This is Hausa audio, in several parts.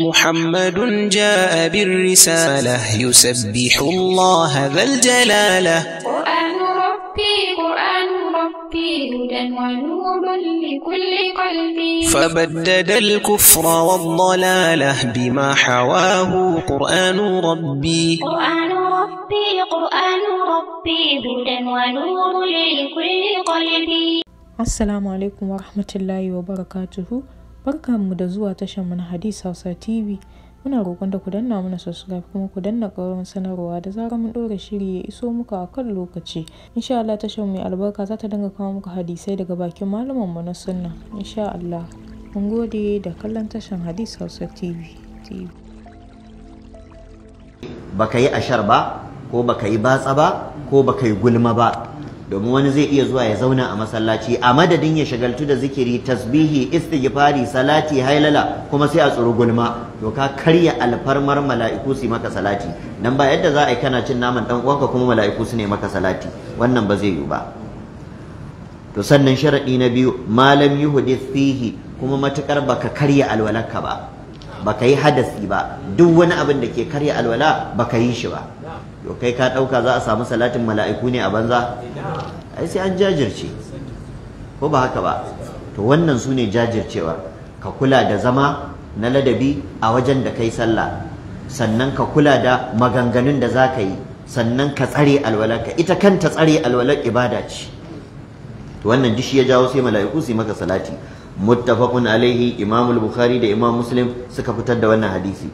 محمد جاء بالرسالة يسبح الله ذا الجلالة قرآن ربي قرآن ربي هدى ونور لكل قلبي فبدد الكفر والضلالة بما حواه قرآن ربي قرآن ربي قرآن ربي هدى ونور لكل قلبي السلام عليكم ورحمة الله وبركاته Barkanmu da zuwa tashar mu na Hadis Hausa TV. Muna roƙon da ku danna mana subscribe kuma ku danna ƙarfin sanarwa da zarar mun ɗora shiri ya iso muka a kan lokaci. Insha Allah tashan mai albarka za ta dinga kawo muka hadisai daga bakin malaman mu na sunna. Insha Allah. Mun gode da kallon tashan Hadis Hausa TV. Baka yi ashar ba ko baka yi batsa ba ko baka yi gulma ba domin wani zai iya zuwa ya zauna a masallaci a madadin ya shagaltu da zikiri tasbihi istighfari salati hailala kuma sai a tsuru gulma to ka karya alfarmar mala'iku su maka salati nan ba yadda za a yi kana cin naman dan uwanka kuma mala'iku su ne maka salati wannan ba zai yiwu ba to sannan sharadi na biyu malam yuhdith fihi kuma matukar baka karya alwalaka ba baka yi hadasi ba duk wani abin da ke karya alwala baka yi shi ba kai ka ɗauka za a samu salatin mala'iku ne a banza ai sai an jajirce ko ba haka ba to wannan su ne jajircewa ka kula da zama na ladabi a wajen da kai sallah sannan ka kula da maganganun da za ka yi sannan ka tsare alwalarka ita kanta tsare alwalar ibada ce to wannan dishi ya jawo sai mala'iku su yi maka salati muttafaqun alaihi imamul bukhari da imam muslim suka fitar da wannan hadisi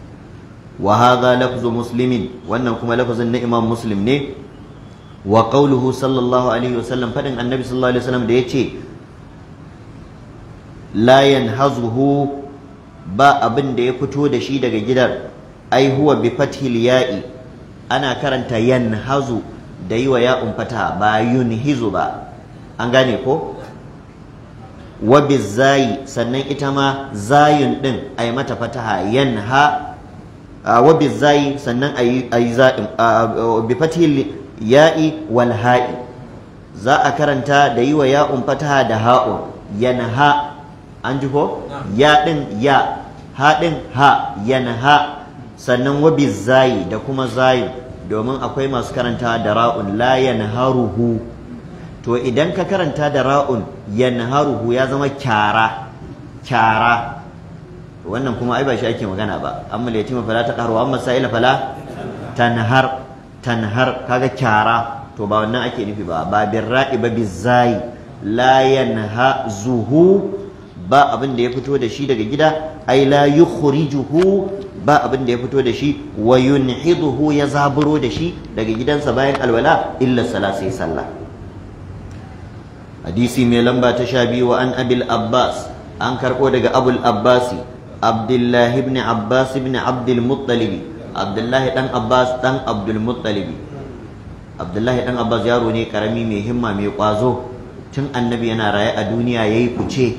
wa hadha lafzu muslimin wannan kuma lafazin na imam muslim ne wa qawluhu sallallahu alaihi wasallam fadin annabi sallallahu alaihi wasallam da yace la yanhazuhu ba abin da ya fito da shi daga gidan ai huwa bi fathil ya'i ana karanta yanhazu da yi wa ya'un fata ba yunhizu ba an gane ko wa zayi, sannan ita ma zayin din ai mata fataha yanha wa bizai sannan yi za'in bi fathil ya'i wal ha'i za a karanta da yi wa ya'un fataha da ha'un ha, an ji ko ya ɗin ya ha yana ha sannan wa da kuma zai domin akwai masu karanta da ra'un la yana haruhu. to idan ka karanta da ra'un yana yanharuhu ya zama kyara kyara wannan kuma ai ba shi ake magana ba amma yatima fala ta qahru amma sa'ila fala tanhar tanhar kaga kyara to ba wannan ake nufi ba ba birra'i ba bizai la yanha zuhu ba abin da ya fito da shi daga gida ai la yukhrijuhu ba abin da ya fito da shi wa yunhiduhu ya zaburo da shi daga gidansa bayan alwala illa sai sallah hadisi mai lamba ta sha biyu wa an abil abbas an karɓo daga abul abbasi Abdullahi ibn Abbas ibn Abdul Muttalib Abdullahi dan Abbas dan Abdul Muttalib Abdullahi dan Abbas yaro ne karami mai himma mai kwazo tun annabi yana raye a duniya yayi fice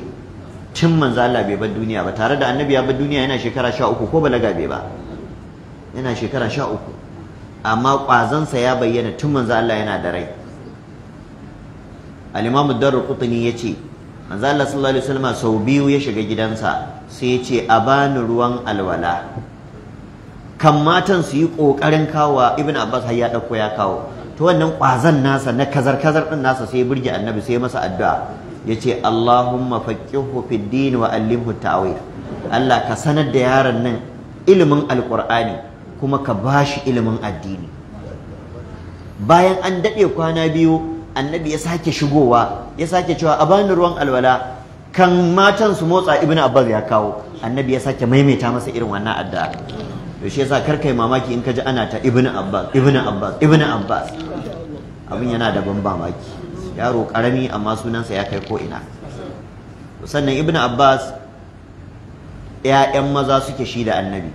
tun manzo Allah bai bar duniya ba tare da annabi ya bar duniya yana shekara 13 ko balaga bai ba yana shekara 13 amma kwazansa ya bayyana tun manzo Allah yana da rai al-Imam Ad-Darqutni yace manzo Allah sallallahu alaihi wasallam sau biyu ya shiga gidansa sai ya ce a bani ruwan alwala kan matan su yi kokarin kawo ibn abbas har ya dauko ya kawo to wannan kwazan nasa na kazar kazar din nasa sai ya burge annabi sai ya masa addu'a yace Allahumma faqqihhu fid din wa allimhu ta'wil Allah ka sanar da yaron nan ilimin alqur'ani kuma ka bashi ilimin addini bayan an dade kwana biyu annabi ya sake shigowa ya sake cewa a bani ruwan alwala kan matan su motsa ibnu abbas ya kawo annabi ya sake maimaita masa irin wannan adda. to shi yasa kar kai mamaki in ka ji ana ta ibnu abbas ibnu abbas ibnu abbas abin yana da ban mamaki yaro karami amma sunansa ya kai ko ina sannan ibnu abbas ya'yan maza suke shi da annabi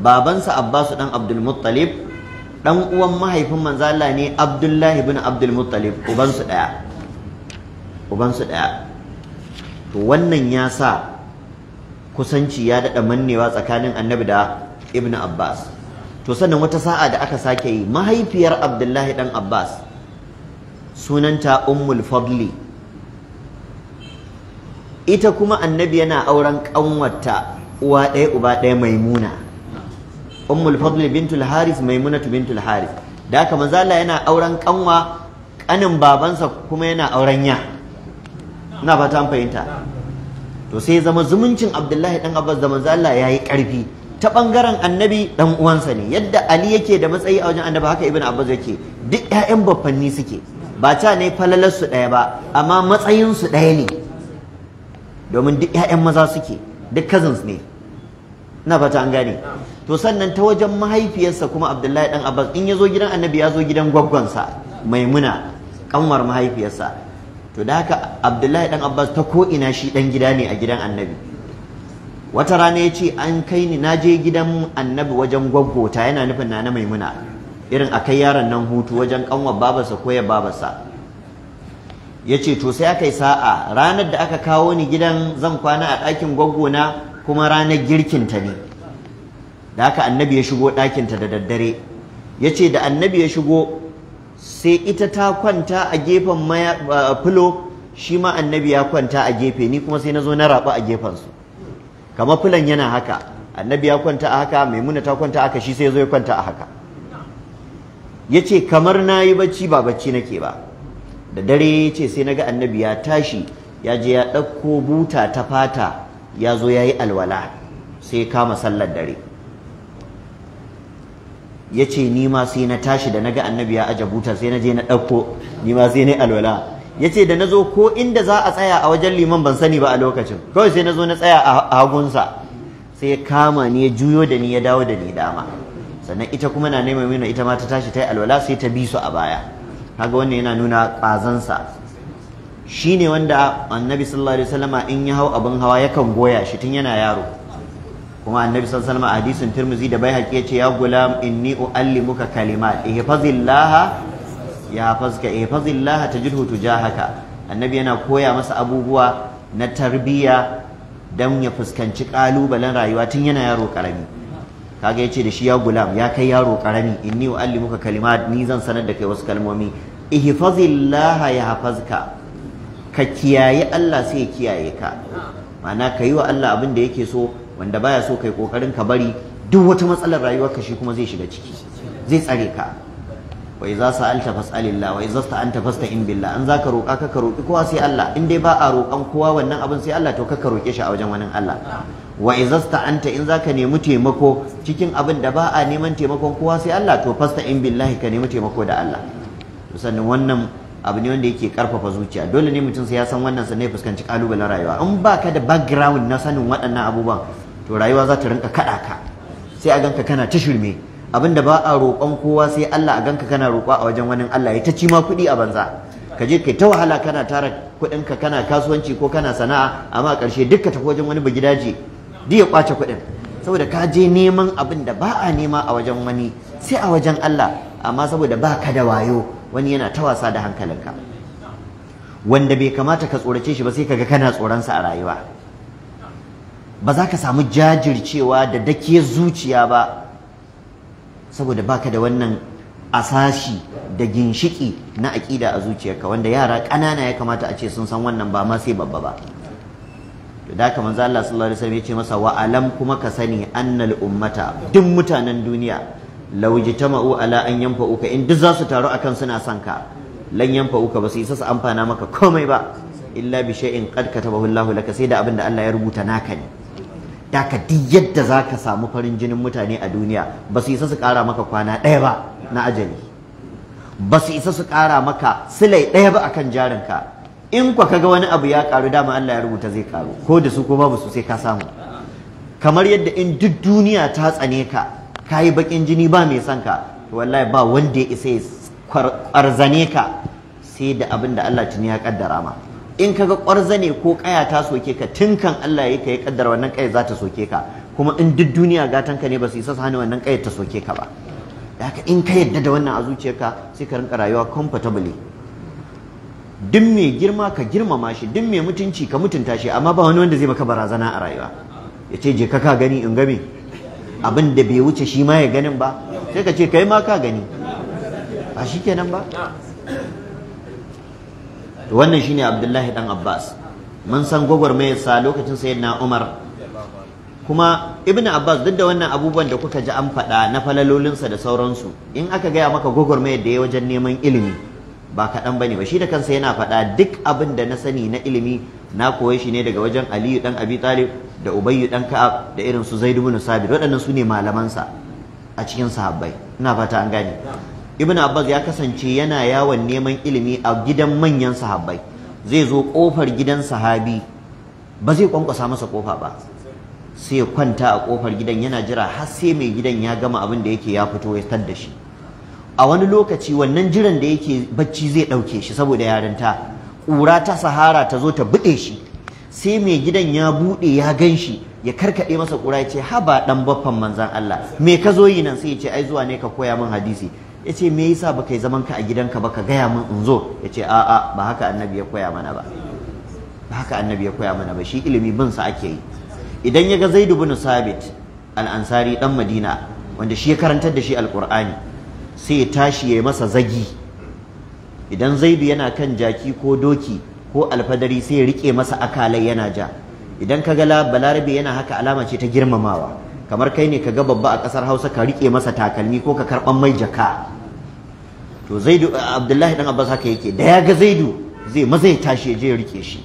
babansa abbasu dan abdul muttalib dan uwan mahaifin manzo Allah ne Abdullahi ibn Abdul Muttalib uban su daya uban su daya to wannan ya sa kusanci ya dada mannewa tsakanin Annabi da Ibn Abbas to sannan wata sa'a da aka sake yi mahaifiyar Abdullahi dan Abbas sunanta Ummul Fadli ita kuma annabi yana auren ƙanwarta uwa ɗaya uba ɗaya maimuna ummul fadl bintul haris maimunatu bintul haris da haka manzo Allah yana auren kanwa kanin babansa kuma yana auren ya ina fata an fahimta to sai zama zumuncin Abdullahi dan Abbas da manzo Allah yayi karfi ta bangaren annabi dan uwansa ne yadda Ali yake da matsayi a wajen annabi haka ibnu Abbas yake duk ƴaƴan baffanni suke ba ta ne falalar su ɗaya ba amma matsayin su ɗaya ne domin duk ƴaƴan maza suke duk cousins ne na fata an gane to sannan ta wajen mahaifiyarsa kuma abdullahi dan abbas in ya zo gidan annabi ya zo gidan gwaggonsa, maimuna kanwar mahaifiyarsa to da haka abdullahi dan abbas ta ko ina shi dan gida ne a gidan annabi wata rana ya ce an kai ni na je gidan annabi wajen gwaggota yana nufin na na maimuna irin a kai yaron nan hutu wajen kanwar babarsa ko ya babarsa ya ce to sai aka yi sa'a ranar da aka kawo ni gidan zan kwana a ɗakin gwaggona kuma ranar girkinta ne da haka annabi ya shigo ɗakinta da daddare ya ce da annabi ya shigo sai ita ta kwanta a gefen fulo shi ma annabi ya kwanta a gefe ni kuma sai na zo na raɓa a gefensu kamar Fulan yana haka annabi ya kwanta a haka maimuna ta kwanta a haka shi sai ya zo ya kwanta a haka ya ce kamar na yi bacci ba bacci nake ba da dare ya ce sai na ga annabi ya tashi ya je ya ɗauko buta ta fata ya zo ya yi alwala sai ya kama sallar dare ya ce ni ma sai na tashi da naga annabi ya aje buta sai na je na ɗauko ni ma sai na yi alwala ya ce da na zo ko inda za a tsaya a wajen liman ban sani ba a lokacin kawai sai na zo na tsaya a hagunsa sai ya kama ni ya juyo da ni ya dawo da ni dama sannan ita kuma na neman mina ita ma ta tashi ta yi alwala sai ta bi su a baya kaga wannan yana nuna ƙazansa shine wanda annabi sallallahu alaihi wasallama in ya hau abin hawa yakan goya shi tun yana yaro kuma annabi sallallahu alaihi wasallama hadisin tirmizi da baihaqi yace ya gulam inni uallimuka kalimat ihfazillaha yahfazka ihfazillaha tajidhu tujahaka annabi yana koya masa abubuwa na tarbiya dan ya fuskanci kalubalen rayuwa tun yana yaro karami kaga yace da shi ya gulam ya kai yaro karami inni uallimuka kalimat ni zan sanar da kai wasu kalmomi ihfazillaha yahfazka ka kiyaye Allah sai ya kiyaye ka ma'ana ka yi wa Allah abin da yake so wanda baya so kai kokarin ka bari duk wata matsalar ka shi kuma zai shiga ciki zai tsare ka wa idza sa'alta fas'alillah wa idza sta'anta fasta'in billah an zaka roka ka ka roki kowa sai Allah in dai ba a roƙan kowa wannan abin sai Allah to ka ka roke shi a wajen wani Allah wa idza sta'anta in zaka nemi taimako cikin abin da ba a neman taimakon kowa sai Allah to fasta'in billahi ka nemi taimako da Allah sannan wannan abu ne wanda yake karfafa zuciya dole ne mutum sai ya san wannan sa ne fuskanci kalubalen rayuwa in baka da background na sanin waɗannan abubuwan to rayuwa za ta rinka kaɗa ka sai a ganka kana ta shirme abinda ba a roƙon kowa sai Allah a ganka kana roƙo a wajen wani Allah ya ta ci ma kuɗi a banza ka je kai ta wahala kana tara kuɗin ka kana kasuwanci ko kana sana'a amma a ƙarshe dukka tafi wajen wani bugidaje duk ya kwace kuɗin saboda ka je neman abin da ba a nema a wajen wani sai a wajen Allah amma saboda ba ka da wayo wani yana ta wasa da hankalinka wanda bai kamata ka tsorace shi ba sai ka ga kana tsoronsa a rayuwa ba za ka samu jajircewa da dake zuciya ba saboda baka da wannan asashi da ginshiki na aƙida a zuciyarka wanda yara ƙanana ya kamata a ce sun san wannan ba ma sai babba ba to da kamar Allah sallallahu alaihi wasallam ya ce masa wa alam kuma ka sani annal ummata duk mutanen duniya law jitama'u ala an yanfa'uka in duk zasu su taru akan suna son ka lan yanfa'uka ba su isa su amfana maka komai ba illa bi shay'in qad katabahu Allahu laka sai da abin da Allah ya rubuta naka ne daka duk yadda zaka samu farin jinin mutane a duniya ba su isa su kara maka kwana ɗaya ba na ajali ba su isa su kara maka silai ɗaya ba akan jarinka in kwa kaga wani abu ya karu dama Allah ya rubuta zai karu ko da su ko babu su sai ka samu kamar yadda in duk duniya ta tsane ka Ka yi bakin jini ba mai sanka, to wallahi ba wanda ya isa kwarzane ka sai da abin da Allah tuni ya kaddara ma in kaga kwarzane ko kaya ta soke ka tinkan Allah ya kai kaddara wannan kai za ta soke ka kuma in duk duniya gatan ka ne ba su isa hana wannan kai ta soke ka ba da haka in ka yadda da wannan a zuciyarka sai ka rinka rayuwa comfortably duk mai girma ka girmama shi duk mai mutunci ka mutunta shi amma ba wani wanda zai maka barazana a rayuwa ya ce je ka ka gani in gami. abin da bai wuce shi ma ya ganin ba sai ka ce kai ma ka gani ba shi kenan ba to wannan shine Abdullahi dan Abbas mun san mai sa lokacin na Umar kuma Ibn Abbas duk da wannan abubuwan da kuka ji an faɗa na falalolinsa da sauransu in aka gaya maka mai da ya wajen neman ilimi ba kaɗan bane ba shi da kansa yana faɗa duk abin da na sani na ilimi na koye shi ne daga wajen aliyu dan abi talib da ubayyu dan ka'ab da irin su zaid ibn sabit waɗannan su ne malaman sa a cikin sahabbai ina fata an gane ibn abbas ya kasance yana yawon neman ilimi a gidan manyan sahabbai zai zo kofar gidan sahabi ba zai kwankwasa masa kofa ba sai ya kwanta a kofar gidan yana jira har sai mai gidan ya gama abin da yake ya fito ya tar da shi a wani lokaci wannan jiran da yake bacci zai ɗauke shi saboda yarinta ƙura ta sahara ta zo ta buɗe shi sai mai gidan ya buɗe ya gan shi ya karkaɗe masa ƙura ya ce haba ɗan baffan manzan Allah me ka zo yi nan sai ya ce ai zuwa ne ka koya min hadisi ya ce me yasa ba kai zaman ka a gidanka ba ka gaya min in zo ya ce a'a ba haka annabi ya koya mana ba ba haka annabi ya koya mana ba shi ilimi bin sa ake yi idan ya ga Zaid ibn Sabit al-Ansari dan Madina wanda shi ya karantar da shi alqur'ani sai ya tashi ya yi masa zagi idan zaidu yana kan jaki ko doki ko alfadari sai rike masa akalai yana ja idan ka ga balarabe yana haka alama ce ta girmamawa kamar kai ne ka ga babba a kasar hausa ka rike masa takalmi ko ka karban mai jaka to zaidu abdullahi dan abbas haka yake da ya ga zaidu zai maza ya tashi ya je ya rike shi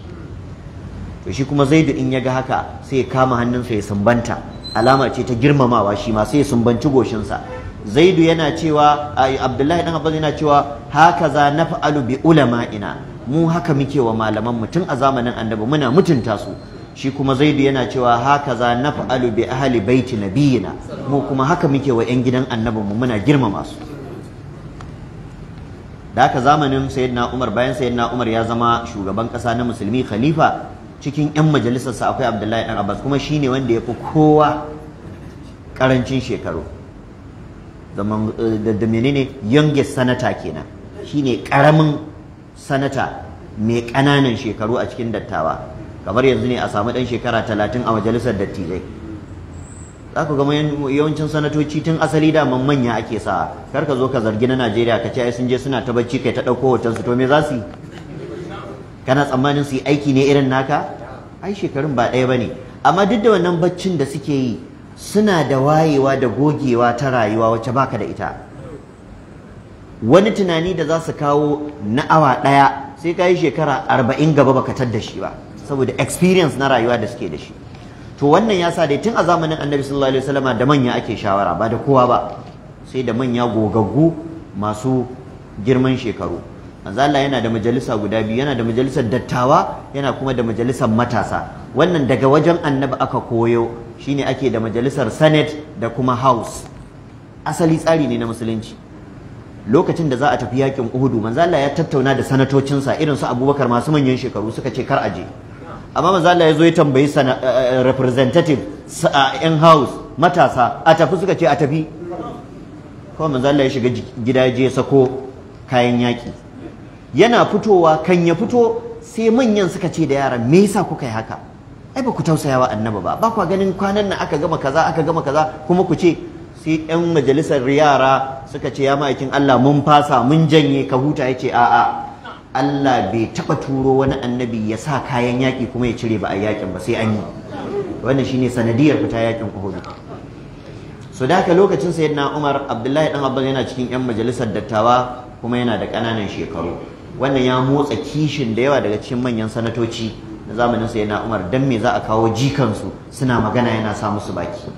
to shi kuma zaidu in ya ga haka sai ya kama hannunsa ya sumbanta alama ce ta girmamawa shi ma sai ya sumbanci goshinsa zaidu yana cewa abdullahi dan abbas yana cewa haka za naf'alu bi ulama'ina mu haka muke wa malaman mu tun a zamanin annabi muna mutunta su shi kuma zaidu yana cewa haka za naf'alu bi ahli baiti nabiyina mu kuma haka muke wa yan gidan annabin mu muna girmama su da haka zamanin sayyidina umar bayan sayyidina umar ya zama shugaban kasa na musulmi khalifa cikin yan majalisarsa akwai abdullahi dan abbas kuma ne wanda ya fi kowa ƙarancin shekaru Eh, da menene youngest sanata kenan shine karamin sanata mai ƙananan shekaru a cikin dattawa kamar yanzu ne a samu dan shekara talatin a majalisar dattijai za ku gama yawancin sanatoci tun asali da manya ake sa kar ka zo ka zargi na najeriya ka ce ai sun je suna ta bacci kai ta ɗauko hoton su to me za su yi kana tsammanin su yi aiki ne irin naka ai shekarun ba ɗaya bane amma duk da wannan baccin da suke yi suna da wayewa da gogewa ta rayuwa wacce baka da ita wani tunani da za su kawo na awa ɗaya sai ka yi shekara arba'in gaba baka tar da shi ba saboda experience na rayuwa da suke da shi to wannan ya sa dai tun a zamanin annabi sallallahu alaihi wasallama da manya ake shawara ba da kowa ba sai da manya gogaggu masu girman shekaru manzo Allah yana da majalisa guda biyu yana da majalisar dattawa yana kuma da majalisar matasa wannan daga wajen annabi aka koyo shine ake da majalisar senate da kuma house asali tsari ne na musulunci lokacin da za a tafi yakin Uhudu manzo Allah ya tattauna da sanatocinsa irin su Abubakar masu manyan shekaru suka ce kar aje amma manzo Allah ya zo ya tambayi eh, eh, representative in house matasa a tafi suka ce a tafi kuma manzo Allah ya shiga gidaje ya sako kayan yaki yana fitowa kan ya fito sai manyan suka ce da yaran me yasa kuka yi haka ai ba ku tausaya wa annabi ba ba kwa ganin kwanan nan aka gama kaza aka gama kaza kuma ku ce sai yan majalisar yara suka ce ya ma'aikin Allah mun fasa mun janye ka huta yace a'a Allah bai taba turo wani annabi ya sa kayan yaki kuma ya cire ba a yakin ba sai an yi wannan shine sanadiyar fita yakin Uhud so da haka lokacin sayyidina Umar Abdullahi dan Abba yana cikin yan majalisar dattawa kuma yana da ƙananan shekaru wannan ya motsa kishin da yawa daga cikin manyan sanatoci na zamanin yana Umar don me za a kawo jikansu suna magana yana sa musu baki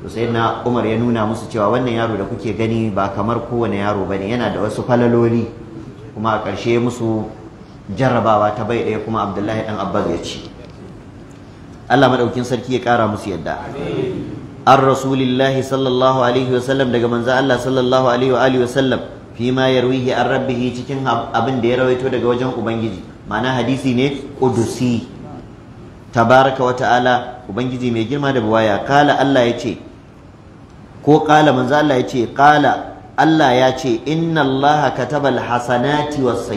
to sayyidina Umar ya nuna musu cewa wannan yaro da kuke gani ba kamar kowane yaro ba ne yana da wasu falaloli kuma a ƙarshe musu jarrabawa ta bai ɗaya kuma Abdullahi ɗan Abbas ya ci Allah maɗaukin sarki ya ƙara musu yadda an rasulillahi sallallahu alaihi wasallam daga manzo Allah sallallahu alaihi wa alihi wasallam fi ma yarwihi an rabbihi cikin abin da ya rawaito daga wajen ubangiji ma'ana hadisi ne ƙudusi. tabaraka wa ta'ala ubangiji mai girma da buwaya. kala Allah ya ce ko kala manzo Allah ya ce kala Allah ya ce inna Allah kataba alhasanati was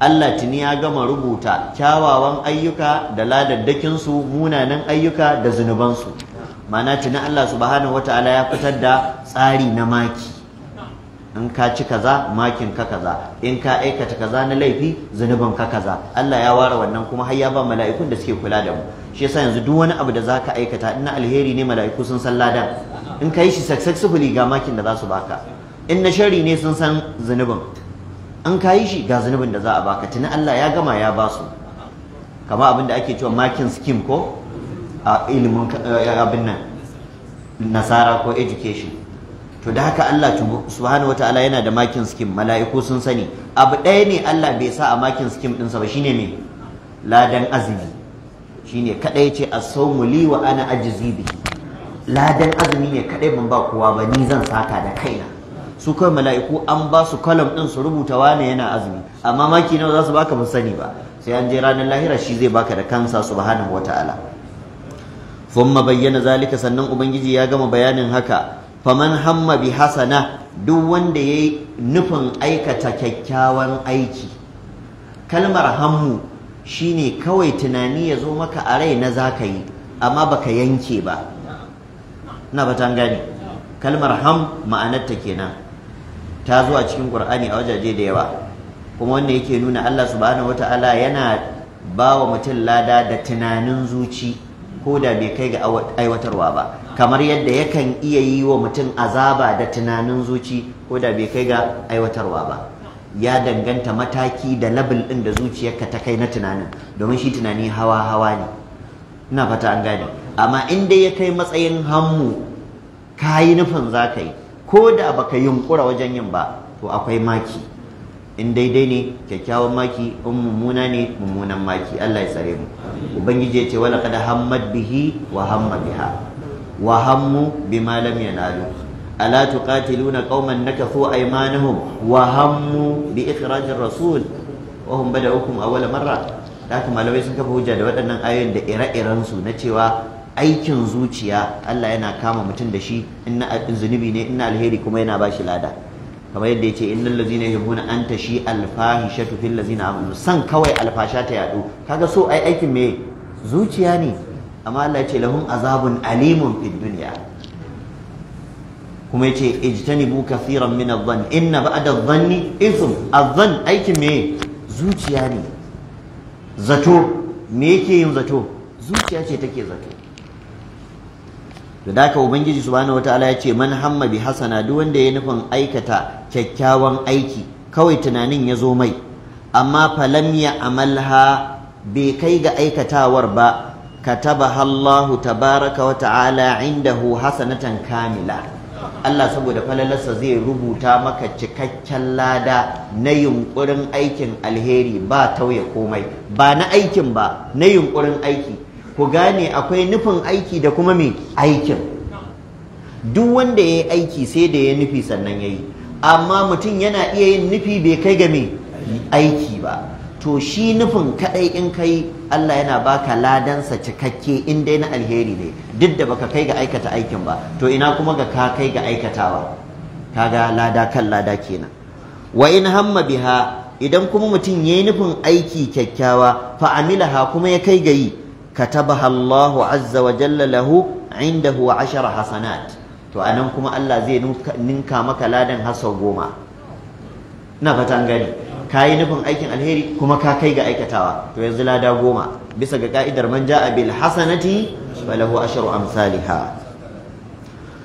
Allah tuni ya gama rubuta kyawawan ayyuka da ladaddakinsu munanan ayyuka da zunubansu. mana ma'ana tuni Allah wata ala ya fitar da tsari na maki in ka ci kaza makin ka kaza in ka aikata kaza na laifi zunubin ka kaza Allah ya ware wannan kuma har ya ba mala'ikun da suke kula da mu shi yasa yanzu duk wani abu da zaka aikata in alheri ne mala'iku sun san ladan in ka yi shi successfully ga makin da za su baka in na shari ne sun san zunubin in ka shi ga zunubin da za a baka tuni Allah ya gama ya ba su kama abin da ake cewa makin scheme ko a ilimin eh, abin nan nasara ko education to da haka Allah subhanahu wataala yana da makin skim mala'iku sun sani abu ɗaya ne Allah bai sa a makin skim ɗinsa ba shine me ladan azumi shine kadai ce as-sawmu li wa ana ajzi bihi ladan azumi ne kadai ban ba kowa ba ni zan saka da kaina su kai mala'iku an ba su kalam ɗin su rubuta wane yana azumi amma maki nawa za su baka ba sani ba sai an je ranar lahira shi zai baka da kansa subhanahu wataala Fumma bayyana zalika sannan ubangiji ya gama bayanin haka faman hamma bi hasana duk wanda ya yi nufin aikata kyakkyawan aiki kalmar hammu shine kawai tunani ya zo maka a rai na za ka yi amma baka yanke ba na batan gani kalmar ham ma'anarta kenan ta zo a cikin qur'ani a wajaje da yawa kuma wanda yake nuna Allah subhanahu wataala yana ba wa mutum lada da tunanin zuci ko da bai kai ga aiwatarwa ba kamar yadda yakan iya yi wa mutum azaba da tunanin zuci ko da bai kai ga aiwatarwa ba ya danganta mataki da label ɗin da zuciyarka ta kai na tunanin domin shi tunani hawa hawa ne ina fata an gane amma in dai ya kai matsayin hannu ka yi nufin za ka yi ko da baka yunkura wajen yin ba to akwai maki in daidai ne kyakkyawan maki in mummuna ne mummunan maki Allah ya tsare mu ubangiji ya ce wala kada hammad bihi wa hamma biha wa hammu bima lam yanalu ala tuqatiluna qauman nakathu aymanahum wa hammu bi ikhraj ar-rasul wa hum bada'ukum awwala marra da malamai sun kafa hujja da waɗannan ayoyin da ire-iren su na cewa aikin zuciya Allah yana kama mutum da shi in na zunubi ne in na alheri kuma yana bashi lada kamar yadda yace innal ladzina yuhibbuna an tashi alfahishatu fil ladzina amanu san kawai alfasha ta yadu kaga so ai aikin me zuciya ne amma Allah ya ce lahum azabun alimun fid dunya kuma yace ijtanibu kathiran min adh-dhann inna ba'da adh-dhanni ithm adh-dhann aikin me zuciya ne zato me yake yin zato zuciya ce take zato da haka ubangiji subhanahu wataala ya ce man hamma bi hasana duk wanda ya nufin aikata kyakkyawan aiki kawai tunanin ya zo mai amma falam ya amalha bai kai ga aikatawar ba katabaha hallahu tabaraka wa ta'ala hu hasanatan kamila Allah saboda falalarsa zai rubuta maka cikakken lada na yunkurin aikin alheri ba tauye komai ba na aikin ba na yunkurin aiki ku gane akwai nufin aiki da kuma mai aikin duk wanda ya yi aiki sai da ya nufi sannan ya yi amma mutum yana iya yin nufi bai kai ga mai aiki ba to shi nufin kadai in kai Allah yana baka ladansa cikakke in dai na alheri ne duk da baka kai ga aikata aikin ba to ina kuma ga ka kai ga aikatawa kaga lada kan lada kenan wa in hamma biha idan kuma mutum yayi nufin aiki kyakkyawa fa amilaha kuma ya kai ga yi katabaha Allahu azza wa jalla lahu indahu ashara hasanat to anan kuma Allah zai ninka maka ladan hasa goma na fatan gani ka yi nufin aikin alheri kuma ka kai ga aikatawa to yanzu lada goma bisa ga ka'idar manja a bil hasanati falahu asharu amsalha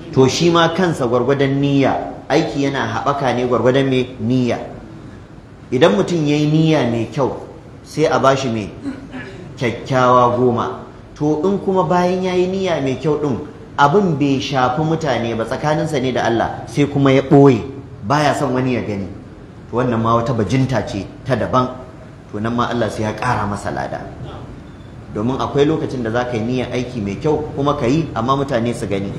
to shi ma kansa gwargwadon niyya aiki yana haɓaka ne gwargwadon mai niyya idan mutum ya yi niyya mai kyau sai a ba shi mai kyakkyawa goma to in kuma bayan ya yi niyya mai kyau ɗin abin bai shafi mutane ba tsakaninsa ne da Allah sai kuma ya ɓoye baya son wani ya gani to wannan ma wata bajinta ce ta daban to nan ma Allah sai ya kara masa lada domin akwai lokacin da zaka yi niyyar aiki mai kyau kuma ka yi amma mutane su gani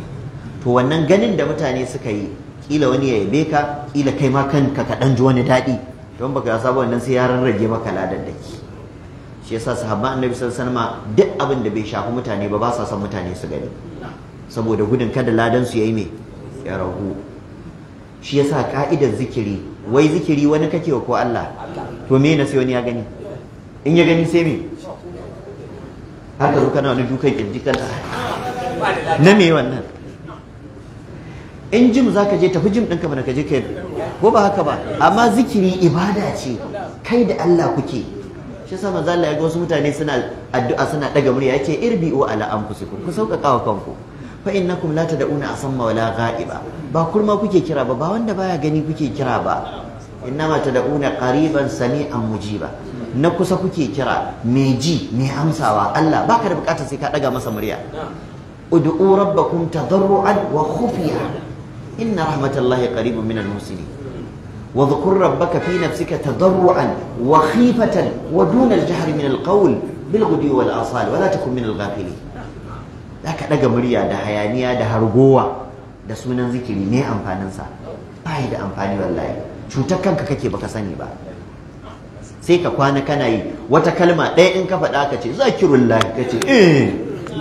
to wannan ganin da mutane suka yi kila wani ya yabe ka kila kai ma kanka ka kaɗan ji wani daɗi don baka yasa ba wannan sai ya rarrage maka ladan da ke shi yasa sahabban annabi sallallahu alaihi wasallam duk abin da bai shafi mutane ba ba sa son mutane su gani saboda gudun kada ladan su yayi mai ya ragu shi yasa ka'idar zikiri wai zikiri wani kake ko Allah to me na sai wani ya gani in ya gani sai me haka zo kana wani dukan kirji kana na me wannan in jim ka je tafi jim ɗinka bana ka je kai ko ba haka ba amma zikiri ibada ce kai da Allah kuke shi yasa manzo Allah ya ga wasu mutane suna addu'a suna daga murya yace irbi'u ala anfusikum ku sauƙaƙa wa kanku fa innakum la tad'una asamma wala ghaiba ba kurma kuke kira ba ba wanda baya gani kuke kira ba innama tad'una qariban sami'an mujiba na kusa kuke kira mai ji mai amsawa Allah baka da bukatar sai ka daga masa murya ud'u rabbakum tadarruan wa khufiya inna rahmatallahi qaribun minal muhsinin واذكر ربك في نفسك تضرعا وخيفة ودون الجهر من القول بالغدو والآصال ولا تكن من الغافلين za ka ɗaga murya da hayaniya da hargowa da sunan zikiri ne amfaninsa ba da amfani wallahi cutar kanka kake baka sani ba sai ka kwana kana yi wata kalma ɗaya in ka faɗa ka ce za ki zakirullahi ka ce eh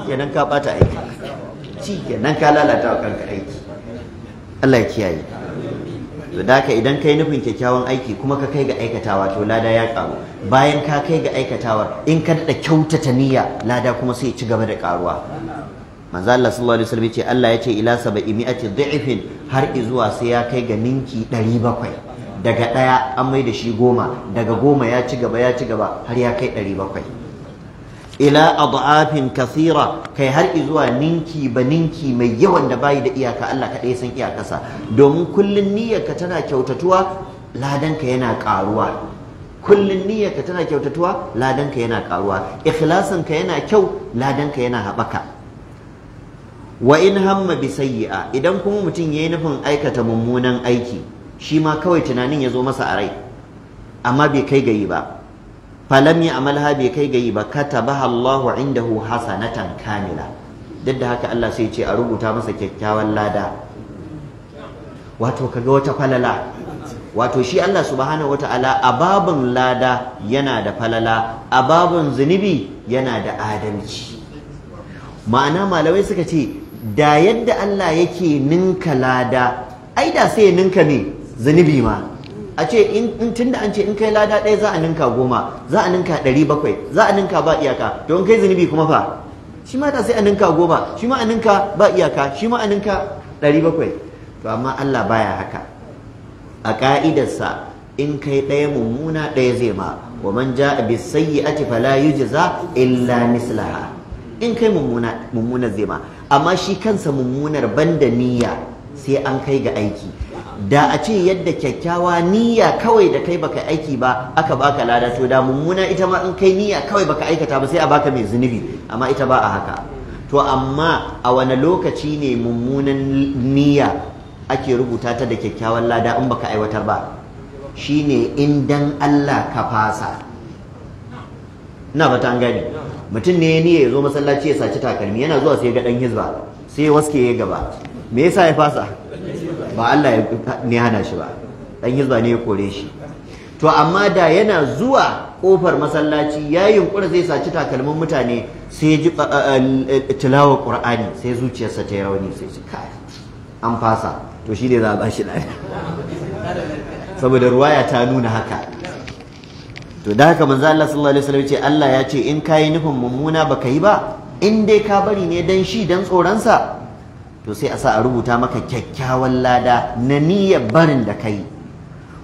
kenan ka ɓata aiki kenan ka lalata wa kanka aiki Allah ya kiyaye to da haka idan kai nufin kyakkyawan aiki kuma ka kai ga aikatawa to lada ya karu bayan ka kai ga aikatawa in ka da kyautata niyya lada kuma sai ci gaba da karuwa manzo Allah sallallahu alaihi wasallam yace Allah yace ce ila sab'i mi'ati dha'ifin har izuwa sai ya kai ga ninki 700 daga daya an mai da shi goma daga goma ya ci gaba ya ci gaba har ya kai 700 ila adafin kasira kai har zuwa ninki ba ninki mai yawan da bayi da iyaka Allah kaɗai san iyakasa, domin kullun niyyarka tana kyautatuwa ladanka yana ƙaruwa kullun ka tana kyautatuwa yana yana kyau ladanka yana haɓaka wa in hamma bi sayyi'a idan kuma mutum yayi nufin aikata mummunan aiki shi ma kawai tunanin ya zo masa a rai amma bai kai gayi ba falam ya amalha bai kai gayi ba katabaha Allahu indahu hasanatan kamila duk da haka Allah sai ce a rubuta masa kyakkyawan lada wato kaga wata falala wato shi Allah subhanahu wataala a babin lada yana da falala a babin zunubi yana da adalci ma'ana malamai suka ce da yadda Allah yake ninka lada ai da sai ya ninka ne zunubi ma a ce in tunda an ce in kai lada ɗaya za a ninka goma za a ninka ɗari bakwai za a ninka ba iyaka to in kai zunubi kuma fa shi ma da sai a ninka goma shi ma a ninka ba iyaka shi ma a ninka ɗari bakwai to amma Allah baya haka a ƙa'idarsa, in kai ɗaya mummuna ɗaya zai ma wa man ja'a bis sayyi'ati fala yujza illa mislaha in kai mummuna mummuna zai ma amma shi kansa mummunar banda niyya sai an kai ga aiki da a ce yadda kyakkyawa niyya kawai da kai baka aiki ba aka baka lada to da mummuna ita ma in kai niyya kawai baka aikata ba sai a baka mai zunubi amma ita ba a haka to amma a wani lokaci ne mummunan niyya ake rubuta ta da kyakkyawan lada in baka aiwatar ba shine in dan Allah ka fasa ina ba ta gani mutum ne ya niyya ya zo masallaci ya saci takalmi yana zuwa sai ga dan hizba sai waske ya gaba me yasa ya fasa ba Allah ne hana shi ba dan hizba ne ya kore shi to amma da yana zuwa kofar masallaci ya yunkura zai saci takalmin mutane sai ji tilawa qur'ani sai zuciyarsa ta yi rauni sai shi kai an fasa to shi ne za a ba shi lafiya saboda ruwaya ta nuna haka to da haka manzo Allah sallallahu alaihi wasallam ya ce Allah ya ce in kai nufin mummuna baka yi ba in dai ka bari ne dan shi dan tsoronsa? to sai a sa a rubuta maka kyakkyawan lada na niyyar barin da kai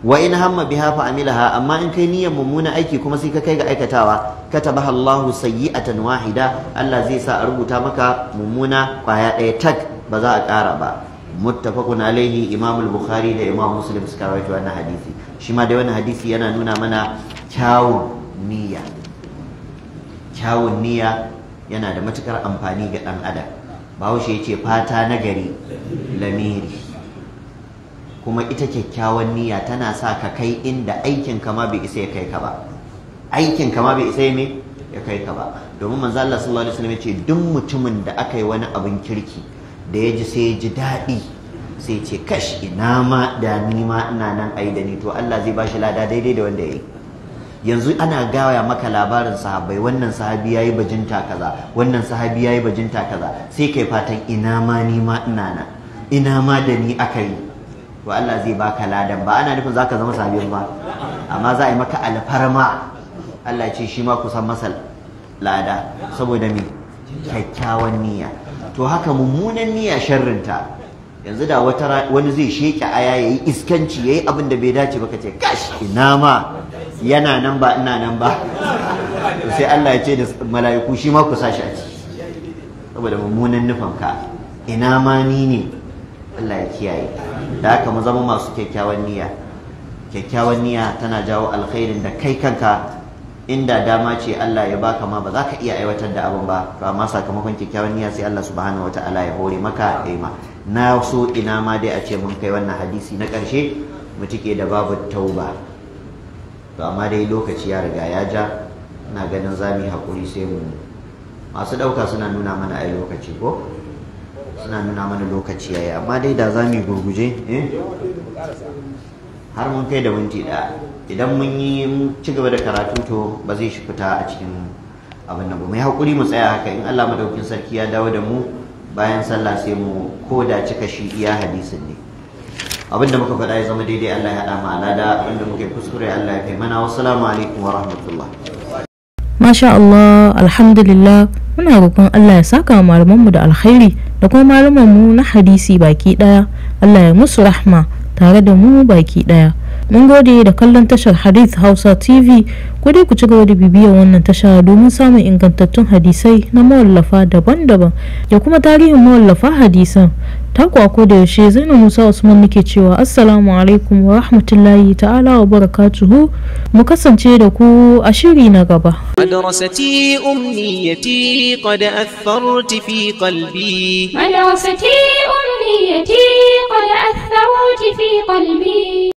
wa in hamma biha fa amilaha amma in kai niyyar mummuna aiki kuma sai ka kai ga aikatawa kataba Allahu sayyi'atan wahida Allah zai sa a rubuta maka mummuna kwaya ɗaya tak ba za a ƙara ba muttafaqun alaihi Imam al-Bukhari da Imam Muslim suka rawaito wannan hadisi shi ma dai wannan hadisi yana nuna mana kyawun niyya kyawun niyya yana da matukar amfani ga ɗan adam bahaushe ya ce fata na gari lamiri kuma ita kyakkyawan niyya tana sa ka kai inda aikin kama bai isa ya kai ka ba aikin kama bai isa ya kai ka ba domin manzo Allah sallallahu alaihi wasallam ya ce duk mutumin da aka yi wani abin kirki da ya ji sai ji daɗi sai ce kash ina ma da ni ma ina nan ai da ni to Allah zai ba shi lada daidai da wanda ya yi yanzu ana gaya maka labarin sahabai. wannan sahabi yayi bajinta kaza wannan sahabi yayi bajinta kaza sai kai fatan ina ma ni ma ina na ina ma da ni aka yi to Allah zai baka ladan ba ana nufin zaka zama sahabin ba amma za a yi maka alfarma Allah ce shi ma kusan Masal, lada saboda me kyakkyawan niyya to haka mummunan niyya sharrinta yanzu da wata wani zai sheke aya yayi iskanci yayi abin da bai dace ba kace gash ina ma yana nan ba ina nan ba to sai Allah ya ce da mala'iku shi ma ku sashi a ciki saboda mummunan nufin ka ina ma ni ne Allah ya kiyaye da haka mu zama masu kyakkyawan niyya kyakkyawan niyya tana jawo alkhairin da kai kanka inda dama ce Allah ya baka ma ba za ka iya aiwatar da abin ba to amma sakamakon kyakkyawan niyya sai Allah subhanahu wataala ya hore maka aima na so ina ma dai a ce mun kai wannan hadisi na ƙarshe mu cike da babu tauba to amma dai lokaci ya riga ya ja ina ganin za mu yi haƙuri sai mu masu ɗauka suna nuna mana ayi lokaci ko suna nuna mana lokaci ya yi amma dai da za mu gurguje eh? har mun kai da minti ɗaya idan mun yi ci gaba da karatu to ba zai shi fita a cikin abin nan ba mu yi haƙuri mu tsaya haka in Allah madaukin sarki ya dawo da mu bayan sallah sai mu ko da cika shi iya hadisin ne abinda muka faɗa ya zama daidai Allah ya haɗa mu alada abinda muka kuskure Allah ya kai mana wassalamu alaikum wa rahmatullah Masha Allah alhamdulillah muna roƙon Allah ya saka mu da alkhairi da kuma mu na hadisi baki ɗaya Allah ya musu rahma tare da mu baki ɗaya mun gode da kallon tashar hadith hausa tv ku ku ci gaba da bibiyar wannan tasha domin samun ingantattun hadisai na mawallafa daban-daban da kuma tarihin mawallafa hadisan taku a da yaushe zainab musa usman nake cewa assalamu alaikum wa rahmatullahi ta'ala wa barakatuhu mu kasance da ku a shiri na gaba madrasati qad atharti fi qalbi madrasati qad atharti fi qalbi